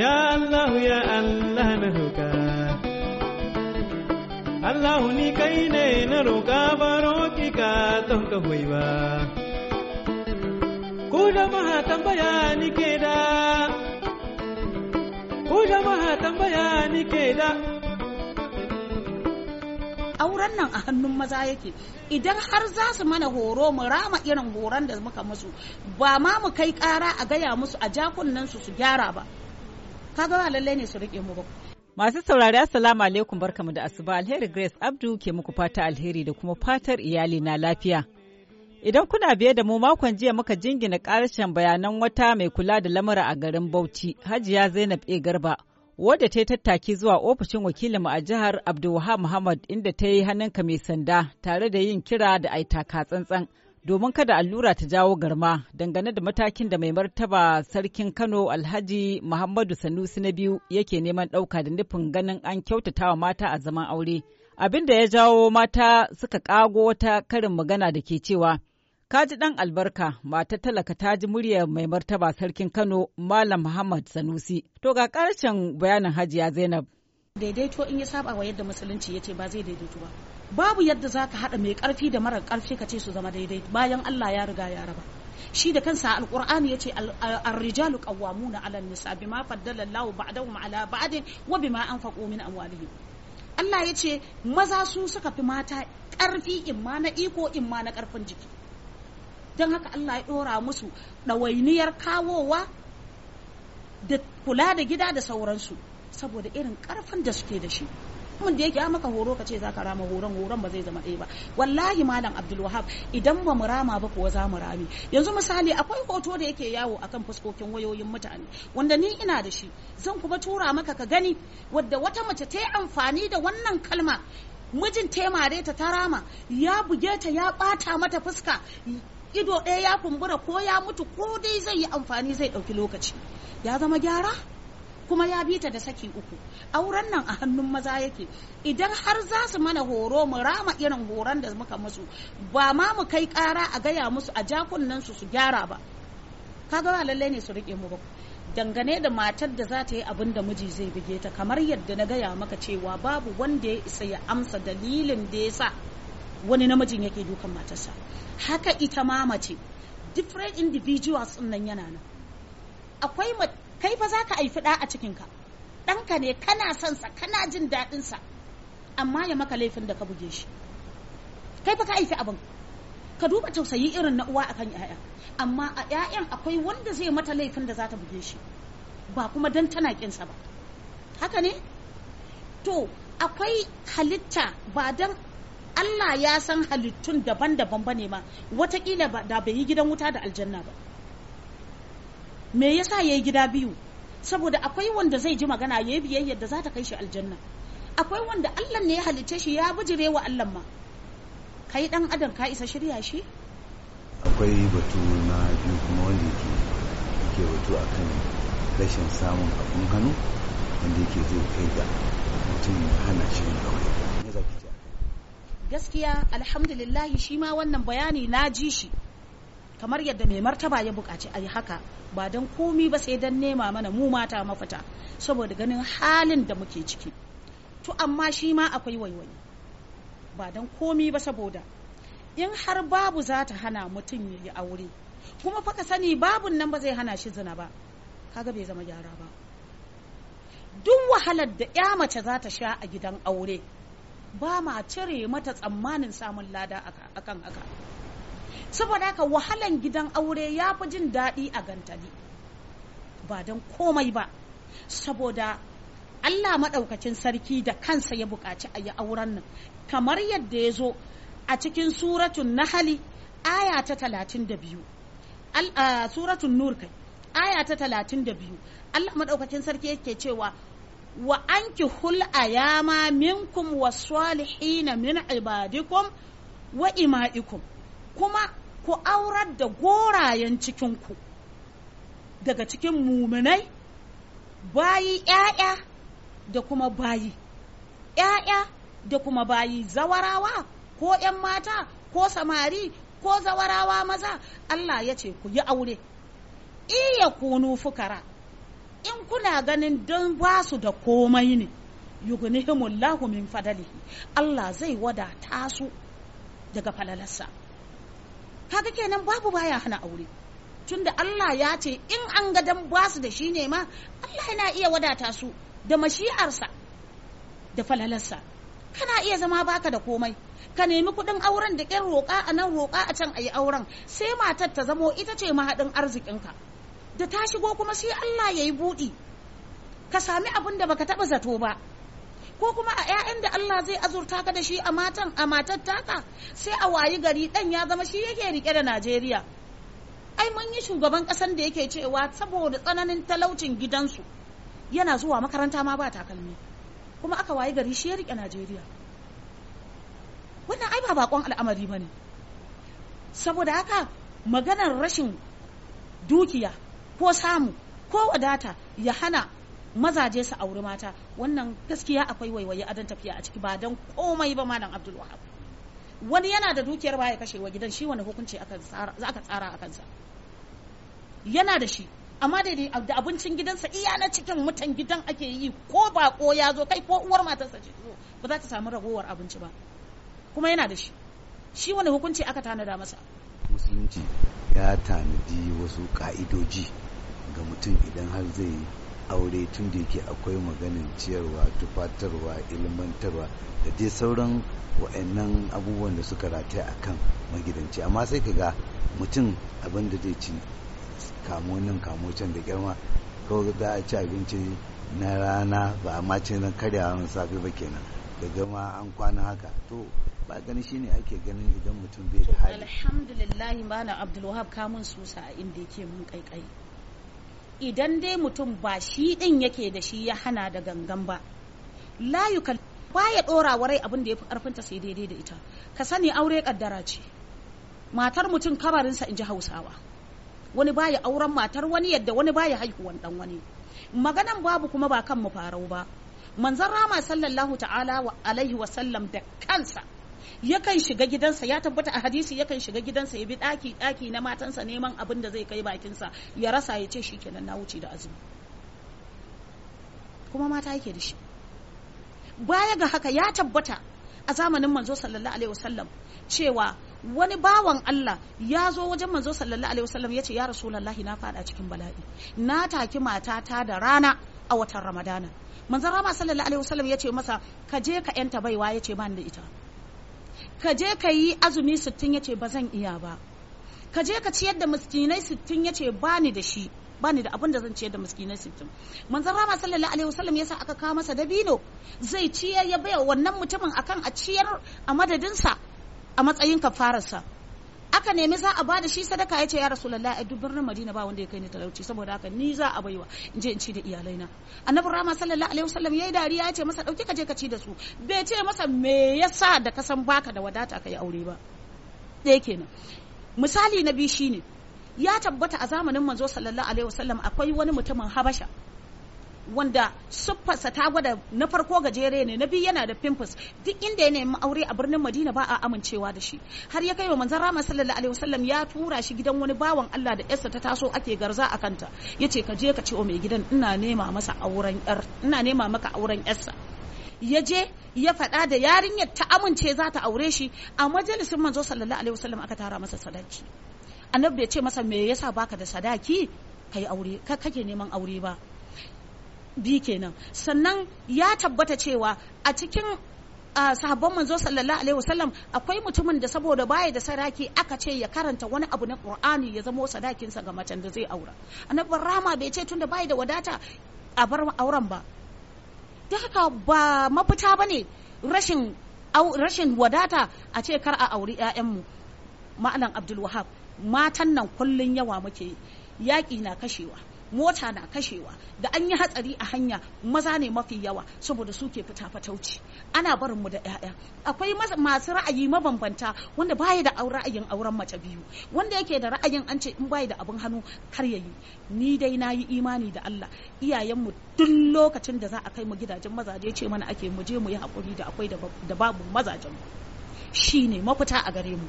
Ya Allah ya Allah na roƙa Allah ni kai ne na roka baro ki ka ton ka hoyi ba Ku jama'a tambaya ni ke da Ku jama'a tambaya ni ke da Auren nan a hannun maza yake idan har za su mana horo mu rama irin horon da muka musu ba ma mu kai kara a gaya musu a jakunan su su gyara ba kaga ba lallai ne su rike mu ba Masu saurari Assalamu alaikum barkamu da asuba alheri Grace Abdu ke muku fata alheri da kuma fatar iyali na lafiya. Idan kuna biye da mu makon jiya muka jingina ƙarshen bayanan wata mai kula da lamura a garin Bauchi, Hajiya Zainab E Garba, wadda ta yi tattaki zuwa ofishin wakilinmu a jihar Abdulwahab Muhammad inda ta yi hannunka mai sanda tare da yin kira da aitaka tsantsan. domin kada allura ta jawo garma dangane da matakin da mai martaba sarkin Kano Alhaji Muhammadu Sanusi na biyu yake neman ɗauka da nufin ganin an kyautata wa mata a zaman aure. Abin da ya jawo mata suka kago wata karin magana da ke cewa, Kaji ɗan albarka mata talaka ta ji muryar mai martaba sarkin Kano Malam Muhammad Sanusi. To ga ƙarshen bayanin Hajiya Zainab. daidaito in ya saba wa yadda musulunci ya ce ba zai daidaito ba babu yadda za ka haɗa mai ƙarfi da marar ƙarfi ka ce su zama daidai bayan Allah ya riga ya raba shi da kansa alqur'ani yace ce rijalu qawwamuna 'ala an-nisa bima faddala Allahu ba'dahum 'ala ba'din wa bima anfaqu min amwalihim Allah ya ce maza su suka fi mata ƙarfi ma na iko in ma na ƙarfin jiki don haka Allah ya ɗora musu ɗawainiyar kawowa da kula da gida da sauransu saboda irin karfin da suke da shi mun da yake ya maka horo ka ce za ka rama horon horon ba zai zama ɗaya ba wallahi malam abdulwahab idan ba mu rama ba kuwa za mu rame yanzu misali akwai hoto da yake yawo akan fuskokin wayoyin mutane wanda ni ina da shi zan kuma tura maka ka gani wadda wata mace ta yi amfani da wannan kalma mijin taimare ta ta rama ya buge ta ya ɓata mata fuska ido ɗaya ya kumbura ko ya mutu ko dai zai yi amfani zai ɗauki lokaci ya zama gyara kuma ya bi ta da saki uku auren nan a hannun maza yake idan har za su mana horo mu rama irin horon da muka musu ba ma mu kai kara a gaya musu a jakunan su su gyara ba kaga ba lallai ne su rike mu ba dangane da matar da za ta yi abin da miji zai buge ta kamar yadda na gaya maka cewa babu wanda ya isa ya amsa dalilin da ya sa wani namijin yake dukan matarsa haka ita ma mace different individuals nan yana nan akwai kai fa zaka ka haifi ɗa a cikinka ɗanka ne kana son sa kana jin daɗin sa amma ya maka laifin da ka buge shi kai fa ka haifi abin ka duba tausayi irin na uwa akan yaya amma a 'ya'yan akwai wanda zai mata laifin da za ta buge shi ba kuma dan tana kin sa ba haka ne to akwai halitta ba dan Allah ya san halittun daban-daban bane ma watakila da bai yi gidan wuta da aljanna ba me yasa ya yi gida biyu saboda akwai wanda zai ji magana yi biyayyar da za ta kai shi aljanna akwai wanda Allah ne ya halice shi ya bijire wa Allah ma kai dan adam ka isa shirya shi akwai batu na biyu kuma wanda yake ke batu akan rashin samun abun hannu wanda yake zai kai da mutum hana shi aure gaskiya alhamdulillah shi ma wannan bayani na ji shi kamar yadda mai martaba ya buƙaci a haka ba don komi ba sai don nema mana mu mata mafita saboda ganin halin da muke ciki to amma shi ma akwai waiwayi ba don komi ba saboda in har babu za ta hana mutum ya yi aure kuma faka sani babun nan ba zai hana shi zina ba kaga bai zama gyara ba duk wahalar da ya mace za ta sha a gidan aure ba ma cire mata tsammanin samun lada akan haka saboda haka wahalan gidan aure ya fi jin daɗi a gantali ba don komai ba saboda Allah maɗaukacin sarki da kansa ya buƙaci a yi auren nan kamar yadda ya zo a cikin suratun nahali aya ta talatin nur kai aya ta talatin da biyu Allah maɗaukacin sarki yake cewa wa anki hul ayama minkum wa salihina min ibadikum wa ima'ikum kuma ku aurar da gorayen cikinku daga cikin muminai bayi ƴaƴa da kuma bayi ƴaƴa da kuma bayi zawarawa ko ‘yan mata ko samari ko zawarawa maza Allah ya ce ku yi aure iya kunu fukara in kuna ganin don ba su da komai ne yugunihimullahu min fadalihi Allah zai wadata su daga falalarsa kaga kenan babu baya hana aure tunda Allah ya ce in an ga dan basu da shi ne ma Allah yana iya wadata su da mashi'arsa da falalarsa kana iya zama baka da komai ka nemi kuɗin auren da ƙin roƙa a nan roƙa a can a yi auren sai matar ta zamo ita ce mahaɗin arzikinka da ta shigo kuma sai Allah ya yi buɗi ka sami abin da baka taɓa zato ba ko kuma a 'ya'yan da Allah zai azurta ka da shi a matan a matar taka sai a wayi gari dan ya zama shi yake rike da Najeriya ai mun yi shugaban kasan da yake cewa saboda tsananin talaucin gidansu yana zuwa makaranta ma ba takalmi kuma aka wayi gari shi ya rike Najeriya wannan ai ba bakon al'amari bane saboda haka maganar rashin dukiya ko samu ko wadata ya hana mazaje su auri mata wannan gaskiya akwai waiwaye dan tafiya a ciki ba don komai ba malam abdul wahab wani yana da dukiyar baya ya kashe wa gidan shi wani hukunci aka tsara a kansa yana da shi amma daidai da abincin gidansa iya na cikin mutan gidan ake yi ko bako ya zo kai ko uwar matarsa ce ba za ta samu ragowar abinci ba kuma yana da shi shi wani hukunci aka tanada masa musulunci ya tanadi wasu ka'idoji ga mutum idan har zai aure tun da yake akwai maganin ciyarwa tufatarwa ilmantarwa da dai sauran wa'annan abubuwan da suka rataya a kan magidanci amma sai ka ga mutum abin da zai ci kamo nan kamo can da girma kawai za a ci abinci na rana ba a mace na karyawa na safe ba kenan da gama an kwana haka to ba gani shine ake ganin idan mutum bai da hali alhamdulillah malam abdulwahab kamun susa a inda yake mun kaikai idan dai mutum ba shi din yake da shi ya hana da gangan ba layuka ba ya dora wa rai abin da ya fi karfinta sai daidai da ita ka sani aure kaddara ce matar mutum kabarinsa in ji hausawa wani baya auren matar wani yadda wani baya haihuwan dan wani maganan babu kuma ba kan mu farau ba manzon rama sallallahu ta'ala wa alaihi wa sallam da kansa yakan shiga gidansa ya tabbata a hadisi yakan shiga gidansa ya bi daki daki na matansa neman abin da zai kai bakinsa ya rasa ya ce shikenan na wuce da azumi kuma mata yake da shi baya ga haka ya tabbata a zamanin manzo sallallahu alaihi wasallam cewa wani bawan Allah ya zo wajen manzo sallallahu alaihi wasallam ya ce ya rasulullahi na fada cikin bala'i na taki matata da rana a watan ramadana manzo rama sallallahu alaihi wasallam ya ce masa ka je ka yanta baiwa ya ce ban da ita ka je ka yi azumi sittin ya ce ba zan iya ba ka je ka ciyar da miskinai sittin ya ce ba ni da shi ba ni da abin da zan ciyar da miskinai sittin manzon rama sallallahu alaihi wasallam yasa aka kawo masa dabino zai ciyar ya baya wannan mutumin akan a ciyar a madadinsa a matsayin kafararsa aka nemi za a bada shi sadaka ya ce ya rasulullah a duk birnin madina ba wanda ya kai ni talauci saboda haka ni za a baiwa in je in ci da iyalaina annabi rama sallallahu alaihi wasallam yayi dariya ya ce masa dauki ka je ka ci da su bai ce masa me yasa da ka san baka da wadata kai aure ba ɗaya kenan misali na shi shine ya tabbata a zamanin manzo sallallahu alaihi wasallam akwai wani mutumin habasha wanda siffarsa ta gwada na farko gajere ne na biyu yana da pimples duk inda ya nemi aure a birnin Madina ba a amincewa da shi har ya kai wa manzon sallallahu alaihi wasallam ya tura shi gidan wani bawan Allah da yarsa ta taso ake garza a kanta ce ka je ka ce wa mai gidan ina nema masa auren maka auren yarsa ya je ya faɗa da yarinyar ta amince za ta aure shi a majalisin manzo sallallahu alaihi wasallam aka tara masa sadaki annabi ya ce masa me yasa baka da sadaki kai aure ka kake neman aure ba bi kenan sannan ya tabbata cewa a cikin a sahabban manzo sallallahu alaihi wasallam akwai mutumin da saboda baya da sadaki aka ce ya karanta wani abu na qur'ani ya zamo sa ga macen da zai aura annabi rama bai ce tunda baya da wadata a bar auren ba da haka ba mafita bane rashin rashin wadata a ce kar a auri mu ma'anan abdul wahab matan nan kullun yawa muke yaƙi na kashewa mota na kashewa da an yi hatsari a hanya maza ne mafi yawa saboda suke fita fatauci ana barin mu da 'ya'ya akwai masu ra'ayi mabambanta wanda baya da ra'ayin auren mace biyu wanda yake da ra'ayin an ce in baya da abin hannu kar ya yi ni dai na yi imani da Allah iyayenmu duk lokacin da za a kai mu gidajen mazaje ce mana ake mu je mu yi hakuri da akwai da babu mazajen mu shine mafita a gare mu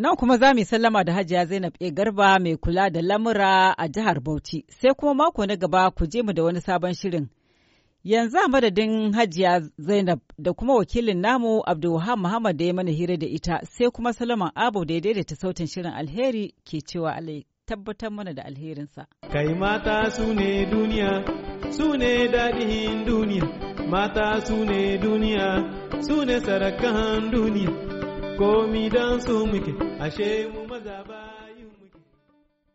Nan kuma za mu sallama da Hajiya Zainab E Garba mai kula da lamura a jihar Bauchi, sai kuma mako na gaba ku je mu da wani sabon shirin. Yanzu a madadin Hajiya Zainab da kuma wakilin namu Abdulwahab Muhammad da ya mana hira da ita, sai kuma Salaman Abu da ya daidaita sautin shirin alheri ke cewa alai tabbatar mana da alherinsa. Kai mata su ne duniya, su ne daɗin duniya, mata su ne duniya, su ne sarakan duniya. komi dan su muke ashe mu maza ba